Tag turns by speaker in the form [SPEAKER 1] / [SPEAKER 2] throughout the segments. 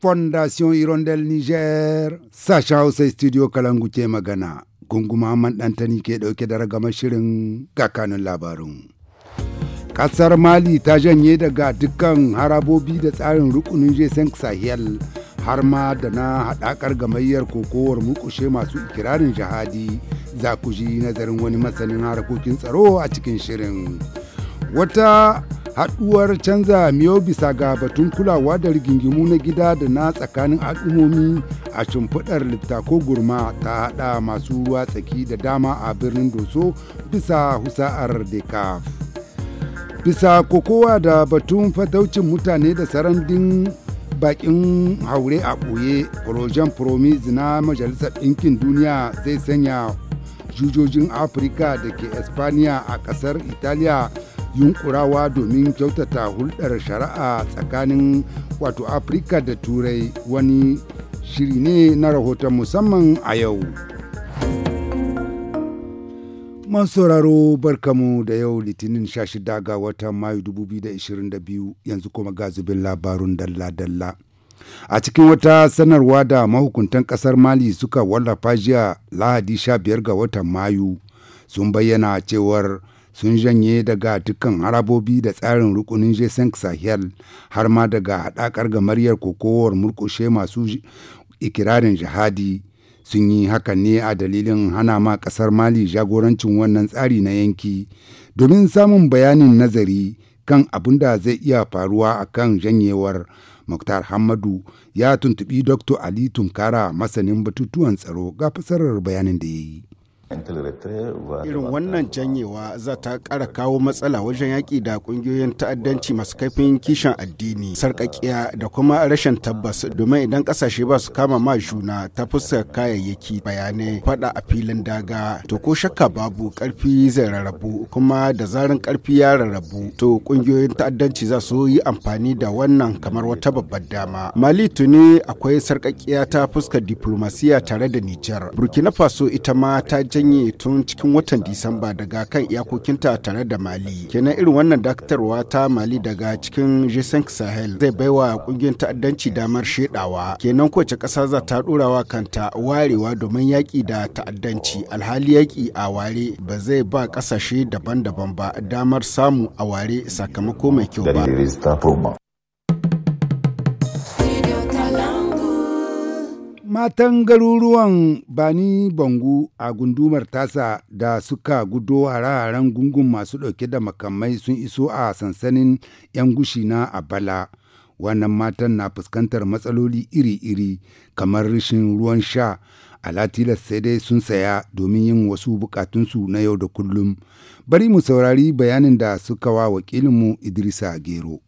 [SPEAKER 1] fondation irondel niger sacha hausa studio kalangu magana gunguma man ɗantani ke ɗauke da ragamar shirin kakanin labarin ƙasar mali ta janye daga dukkan harabobi da tsarin rukunin jason sahel har ma da na haɗakar gamayyar kokowar mukushe masu ikirarin jihadi za ku ji nazarin wani masanin harakokin tsaro a cikin shirin wata haɗuwar canza miyo bisa ga batun kulawa da rigingimu na gida da na tsakanin al'ummomi a shimfiɗar littako gurma ta haɗa masu ruwa tsaki da dama a birnin doso bisa husa'ar deka bisa kokowa da batun fataucin mutane da sarandin bakin haure a ɓoye projen promise na majalisar ɗinkin duniya zai sanya jujojin afirka da ke espaniya a ƙasar italiya yunkurawa domin kyautata hulɗar shari'a tsakanin wato afirka da turai wani shiri ne na rahoton musamman a yau sauraro barkamu da yau litinin 16 ga watan mayu 2022 yanzu kuma ga zubin labarun dalla-dalla a cikin wata sanarwa da mahukuntan kasar mali suka wallafa jiya lahadi 15 ga watan mayu sun bayyana cewar sun janye daga dukkan harabobi da tsarin rukunin jason sahel har ma daga haɗakar gamaryar kokowar murkushe masu ikirarin jihadi sun yi hakan ne a dalilin hana ma ƙasar mali jagorancin wannan tsari na yanki domin samun bayanin nazari kan abin da zai iya faruwa a kan janyewar muktar hamadu ya tuntubi dr ali tunkara masanin batutuwan tsaro ga fasarar bayanin da ya yi
[SPEAKER 2] Irin wannan janyewa za ta ƙara kawo matsala wajen yaƙi da ƙungiyoyin ta'addanci masu kaifin kishin addini, sarƙaƙiya da kuma rashin tabbas domin idan ƙasashe ba su kama ma juna ta fuska kayayyaki bayanai faɗa a filin daga to ko shakka babu ƙarfi zai rarrabu kuma da zarin ƙarfi ya rarrabu to ƙungiyoyin ta'addanci za su yi amfani da wannan kamar wata babbar dama. Mali tuni akwai sarƙaƙiya ta fuskar diplomasiya tare da Nijar. Burkina Faso ita ma ta janye tun cikin watan Disamba daga kan iyakokinta tare da Mali. Kenan irin wannan dakatarwa ta Mali daga cikin g Sahel zai baiwa kungiyar ta'addanci damar shedawa. Kenan kowace ƙasa za ta ɗorawa kanta warewa domin yaƙi da ta'addanci. Alhali yaƙi a ware ba zai ba ƙasashe daban-daban ba damar samu a ware sakamako mai kyau ba.
[SPEAKER 1] Matan garuruwan Bani Bangu a gundumar tasa da suka gudo hare-haren gungun masu ɗauke da makamai sun iso a sansanin 'yan gushi na Abala. Wannan matan na fuskantar matsaloli iri-iri kamar rashin ruwan sha, alatilas sai dai sun saya domin yin wasu bukatunsu na yau da kullum. Bari mu saurari bayanin da suka wa wakilinmu Idrisa Gero.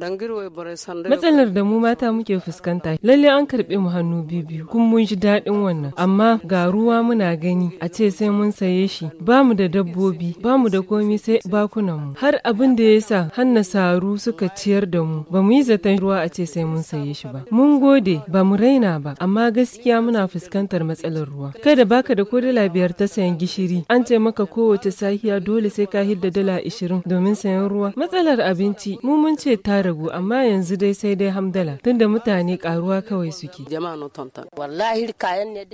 [SPEAKER 3] Matsalar da mu mata muke fuskanta lalle an karɓe mu hannu biyu kun mun ji daɗin wannan amma ga ruwa muna gani a ce sai mun saye shi ba mu da dabbobi ba mu da komi sai bakunan mu har abin da ya sa hanna saru suka ciyar da mu ba mu yi zaton ruwa a ce sai mun saye shi ba mun gode ba mu raina ba amma gaskiya muna fuskantar matsalar ruwa kada baka da ko dala biyar ta sayan gishiri an ce maka kowace sahiya dole sai ka hidda dala ishirin domin sayan ruwa matsalar abinci mu mun ce tara ragu amma yanzu dai sai dai hamdala tunda mutane karuwa kawai suke.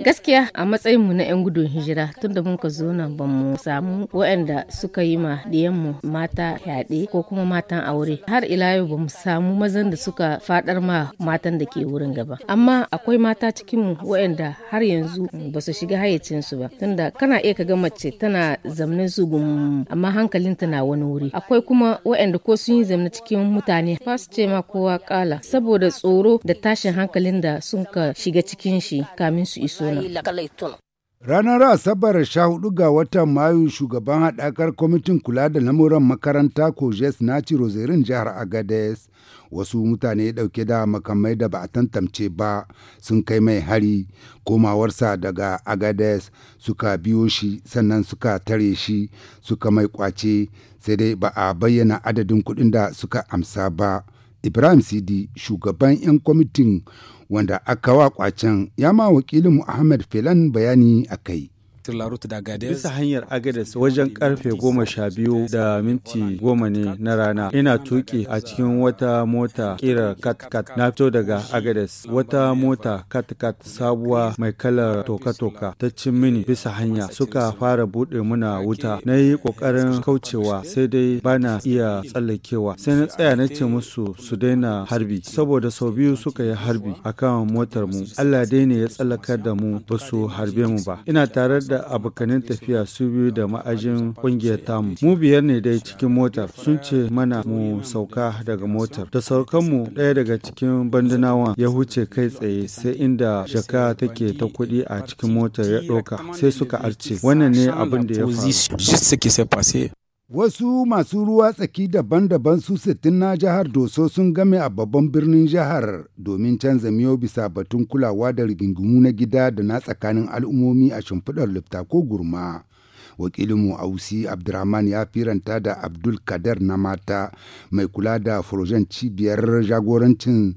[SPEAKER 3] Gaskiya a matsayin mu na 'yan gudun hijira tunda mun ka zo nan ban mu samu waɗanda suka yi ma mu mata yaɗe ko kuma matan aure har ila yau ba mu samu mazan da suka faɗar ma matan da ke wurin gaba. Amma akwai mata cikin mu waɗanda har yanzu ba su shiga hayyacin su ba tunda kana iya ka ga mace tana zamanin su gum amma hankalinta na wani wuri. Akwai kuma waɗanda ko sun yi zamanin cikin mutane ba ma kowa kala saboda tsoro da tashin hankalin da sun ka shiga cikin shi kamin su iso na.
[SPEAKER 1] Ranar Asabar 14 ga watan Mayu shugaban haɗakar kwamitin kula da lamuran makaranta Kojes Naci Roserin jihar Agades wasu mutane ɗauke da makamai da ba a tantance ba sun kai mai hari komawarsa daga Agades suka biyo shi sannan suka tare shi suka mai kwace sai dai ba a bayyana adadin kuɗin da suka amsa ba. Ibrahim Sidi shugaban 'yan kwamitin wanda aka wa kwacen ya ma wakilin Muhammad Filan bayani a kai.
[SPEAKER 4] Bisa hanyar agades wajen karfe goma sha biyu da minti goma ne na rana. Ina tuki a cikin wata mota kira katkat na fito daga agades Wata mota katkat sabuwa mai kalar toka-toka ta cin mini bisa hanya suka fara buɗe muna wuta. Na yi ƙoƙarin kaucewa sai dai bana iya tsallakewa. Sai na tsaya na ce musu su daina harbi saboda sau biyu suka yi harbi akan motar mu. Allah dai ne ya tsallakar da mu ba su harbe mu ba. Ina tare da da abokanin tafiya su biyu da ma'ajin kungiyar tamu mu biyar ne dai cikin motar sun ce mana mu sauka daga motar da saukanmu ɗaya daga cikin bandunawa ya huce kai tsaye sai inda jaka take ta kuɗi a cikin motar ya ɗauka sai suka arce wannan ne abin da ya faru
[SPEAKER 1] Wasu masu ruwa tsaki daban-daban su sittin na jihar Doso sun game a babban birnin jihar domin canza miyo bisa batun kulawa da rigingimu na gida da na tsakanin al'ummomi a shimfiɗar lifta ko gurma. mu Ausi Abdurrahman ya firanta da Abdul kadar na mata mai kula da furojen cibiyar jagorancin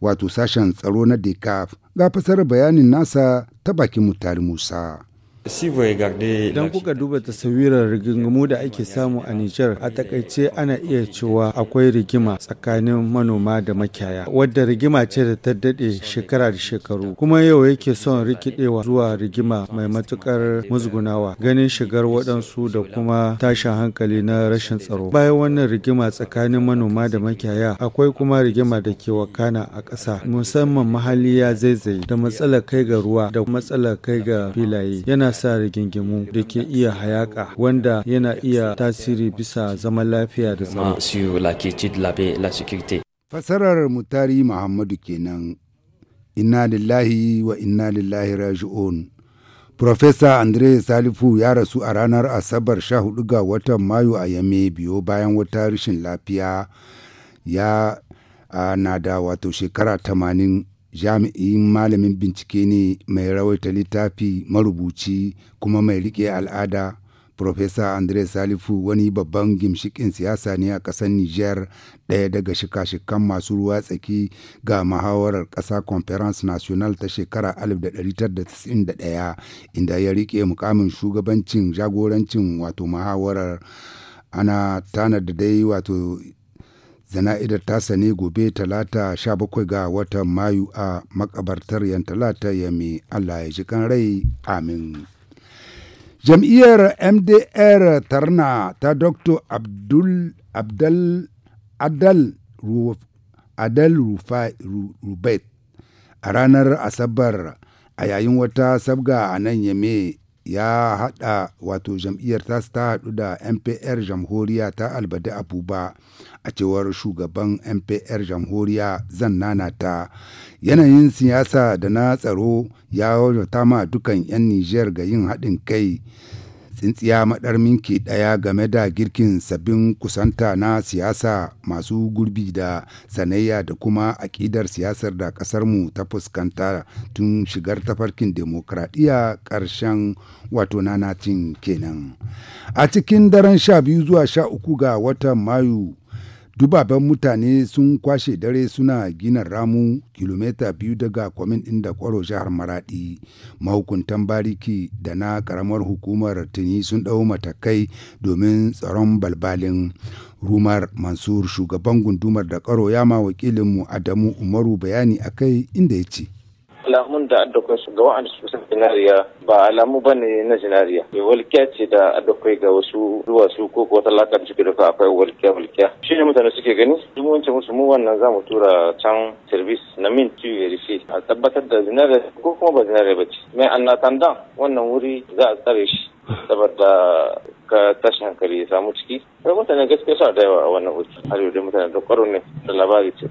[SPEAKER 1] wato sashen tsaro na Dekaf ga fasar bayanin nasa ta bakin Mutari Musa.
[SPEAKER 4] Idan kuka duba tasawirar rigingimu da ake samu a Nijar a takaice ana iya cewa akwai rigima tsakanin manoma da makiyaya wadda rigima ce da ta daɗe shekara da shekaru kuma yau yake son rikidewa zuwa rigima mai matukar musgunawa ganin shigar waɗansu da kuma tashin hankali na rashin tsaro. Bayan wannan rigima tsakanin manoma da makiyaya akwai kuma rigima da ke wakana a ƙasa musamman mahalli ya zaizaye da matsalar kai ga ruwa da matsalar kai ga filaye yana sa rigingimu da ke iya hayaka wanda yana iya tasiri bisa zaman lafiya da tsaro.
[SPEAKER 1] Fasarar Mutari Muhammadu kenan, Inna lillahi wa inna lillahi raji'un. Profesa Andre Salifu ya rasu a ranar Asabar sha hudu ga watan Mayu a Yame biyo bayan wata rashin lafiya ya na da wato shekara tamanin. jami'in malamin bincike ne mai rawaita littafi marubuci kuma mai riƙe al'ada Profesa Andre Salifu wani babban gimshikin siyasa ne a ƙasar Nijar ɗaya daga shika-shikan masu ruwa tsaki ga mahawarar ƙasa Conference National ta shekara 1991 inda ya rike mukamin shugabancin jagorancin wato muhawarar ana da dai wato Zana'idar tasa ne gobe talata sha bakwai ga watan Mayu a makabartar yan talata ya mai Allah ya ji kan rai amin. Jam'iyyar MDR Tarna ta Dr. Abdul Abdal Adal Ruf, Adal a ranar Asabar a yayin wata sabga a nan ya mai ya haɗa wato jam'iyyar ta ta haɗu da mpr jamhuriya ta albade abuba a cewar shugaban mpr jamhuriya zan nana ta yanayin siyasa da na tsaro ya wajata ma dukan 'yan niger ga yin haɗin kai tsintsiya maɗar minki ɗaya game da girkin sabbin kusanta na siyasa masu gurbi da sanayya da kuma aƙidar siyasar da ƙasarmu ta fuskanta tun shigar tafarkin demokradiyya ƙarshen wato nanacin kenan a cikin daren sha biyu zuwa sha uku ga watan mayu dubaben mutane sun kwashe dare suna gina ramu kilomita biyu daga kwamin ɗin da kwaro jihar maradi mahukuntan bariki da na karamar hukumar tuni sun ɗau matakai domin tsaron balbalin rumar mansur shugaban gundumar da kwaro ya ma wakilinmu adamu umaru bayani akai inda ya ce
[SPEAKER 4] alamun da adakwai su ga wa'anda su san zinariya ba alamu ba ne na zinariya mai walƙiya ce da adakwai ga wasu duwatsu ko ko wata lakar ciki da akwai walƙiya walƙiya shi ne mutane suke gani duk wance musu mu wannan za mu tura can service na min tiyu ya rufe a tabbatar da zinariya ko kuma ba zinariya ba ce mai annatan wannan wuri za a tsare shi saboda ka tashi hankali ya samu ciki har mutane gaskiya suna da yawa a wannan wuce har yau dai mutane da kwaro ne da labari da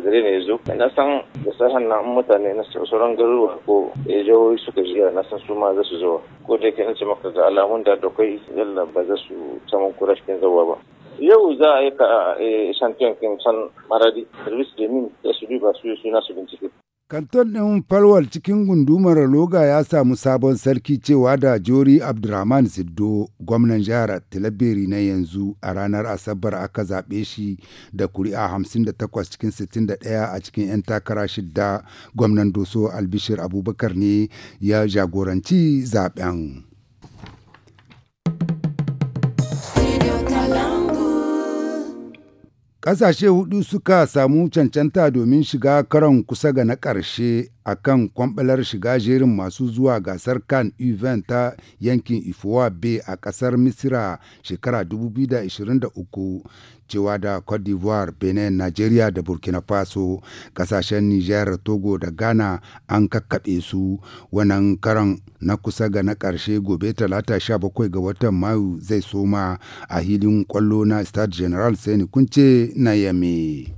[SPEAKER 4] dare ne ya zo na san da sahan na mutane na sauran garuruwa ko ya eh, jihohi suka jiya na san su ma za su zo ko da yake na ce maka ga alamun da da kai yalla ba za su samun kura cikin zawa ba yau za a yi ka a eh, shantiyon kin san maradi service da min da su duba su yi suna su bincike
[SPEAKER 1] Kanton ɗin Falwal cikin gundumar Loga ya samu sabon sarki cewa da Jori abdulrahman Siddo gwamnan jihar tilabiri na yanzu a ranar Asabar aka zaɓe shi da kuri'a 58 cikin 61 a cikin 'yan takara shidda gwamnan Doso Albishir Abubakar ne ya jagoranci zaɓen. Ƙasashe hudu suka samu cancanta domin shiga karon kusa ga na ƙarshe a kan kwamɓalar shiga jerin masu zuwa gasar kan event ta yankin ifowa bay a ƙasar misira shekara 2023 cewa da cote d'ivoire benin nigeria da burkina faso ƙasashen niger togo da ghana an kakkaɓe su wannan karan na kusa ga na ƙarshe gobe talata 17 ga watan mayu zai soma a hilin kwallo na stade general sani kunce na yame.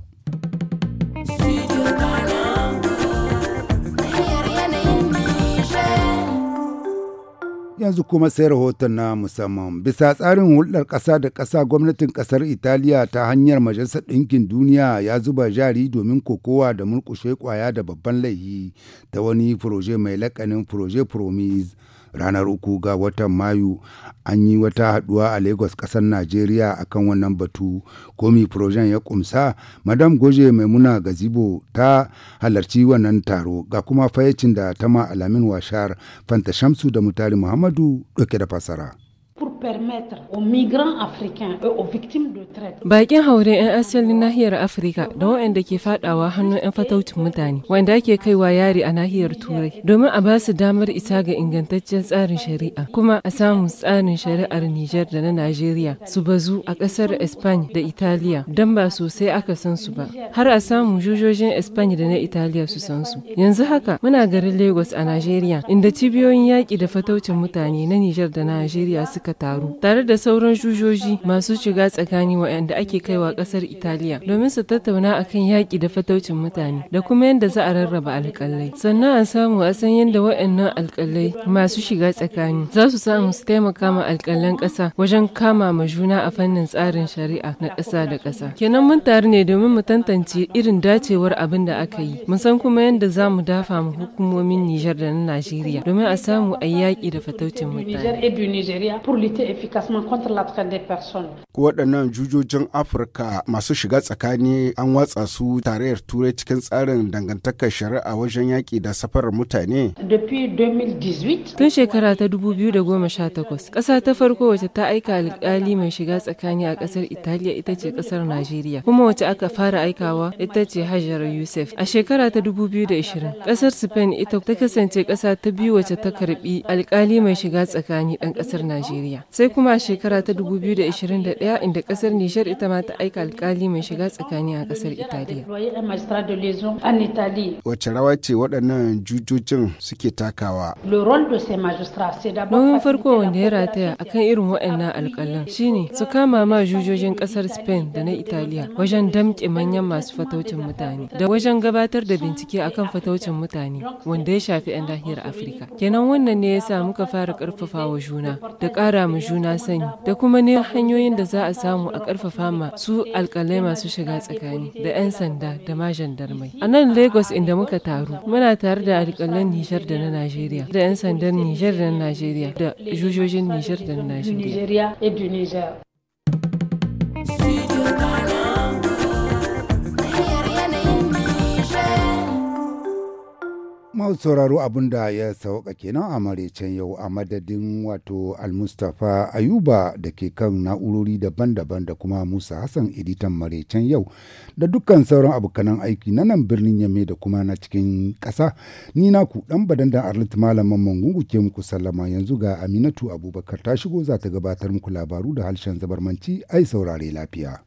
[SPEAKER 1] yanzu kuma sai rahoton na musamman bisa tsarin hulɗar ƙasa da ƙasa gwamnatin ƙasar italiya ta hanyar majalisar ɗinkin duniya ya zuba jari domin kokowa da mulkushe kwaya da babban laihi ta wani furoje mai laƙanin furoje promise ranar uku ga watan mayu an yi wata haduwa a lagos kasar najeriya akan wannan batu komi projen ya kumsa madam goje maimuna gazibo ta halarci wannan taro ga kuma fayacin da tama alamin washar fanta shamsu da mutari muhammadu doke da fasara
[SPEAKER 3] Bakin haure 'yan asalin nahiyar Afirka da waɗanda ke fadawa hannun 'yan fataucin mutane wanda ake kaiwa yari a nahiyar Turai domin a ba su damar isa ga ingantaccen tsarin shari'a kuma a samu tsarin shari'ar Nijar da na Najeriya su bazu a ƙasar Espanya da Italiya don ba sosai aka san su ba har a samu jujojin Espanya da na Italiya su san su. Yanzu haka muna garin Lagos a Najeriya inda cibiyoyin yaƙi da fataucin mutane na Nijar da Najeriya suka ta taru tare da sauran jujoji masu shiga tsakani waɗanda ake kaiwa ƙasar Italiya domin su tattauna akan yaƙi da fataucin mutane da kuma yadda za a rarraba alƙalai. Sannan a samu a san yadda waɗannan alƙalai masu shiga tsakani za su samu su taimaka ma alƙalan ƙasa wajen kama ma juna a fannin tsarin shari'a na ƙasa da ƙasa. Kenan mun taru ne domin mu tantance irin dacewar abin da aka yi, mu san kuma yadda za mu dafa mu hukumomin Nijar da na Najeriya domin a samu a yaƙi da fataucin mutane.
[SPEAKER 2] Ko waɗannan jujojin Afirka masu shiga tsakani an watsa su tarayyar Turai cikin tsarin dangantakar shari'a wajen yaƙi da safarar mutane.
[SPEAKER 3] Tun shekara ta 2018, ƙasa ta farko wacce ta aika alƙali mai shiga tsakani a ƙasar Italiya ita ce ƙasar Najeriya, kuma wacce aka fara aikawa ita ce Hajar Yusuf. A shekara ta 2020, ƙasar Spain ita ta kasance ƙasa ta biyu wacce ta karɓi alƙali mai shiga tsakani ɗan ƙasar Najeriya. Sai kuma a shekara ta 2021 inda kasar Nijar ita ma ta aika alkali mai shiga tsakani a kasar Italiya.
[SPEAKER 2] Wace rawa ce waɗannan jujujin suke takawa?
[SPEAKER 3] Nauyin farko wanda ya rataya akan irin waɗannan alkalan shine su kama ma jujujin kasar Spain da na Italiya wajen damƙe manyan masu fataucin mutane da wajen gabatar da bincike a kan fataucin mutane wanda ya shafi 'yan nahiyar Afirka. Kenan wannan ne ya sa muka fara ƙarfafa wa juna da ƙara mu juna sani da kuma ne hanyoyin da za a samu a karfafa ma su alƙalai masu shiga tsakani da 'yan sanda da ma jandarmai. A nan Lagos inda muka taru muna tare da alƙalan Nijar da na Najeriya da 'yan sandan Nijar da na Najeriya da jujojin Nijar da na Najeriya.
[SPEAKER 1] masu sauraro abin da ya sauka kenan a maraicen yau a madadin wato almustapha ayuba da ke kan na'urori daban-daban da kuma musa hassan editan maraicen yau da dukkan sauran abokanan aiki na nan birnin yame da kuma na cikin ƙasa ni na ku dan badan da arlit malaman mangungu ke muku sallama yanzu ga aminatu abubakar ta shigo za ta gabatar muku labaru da harshen zabarmanci ai saurare lafiya.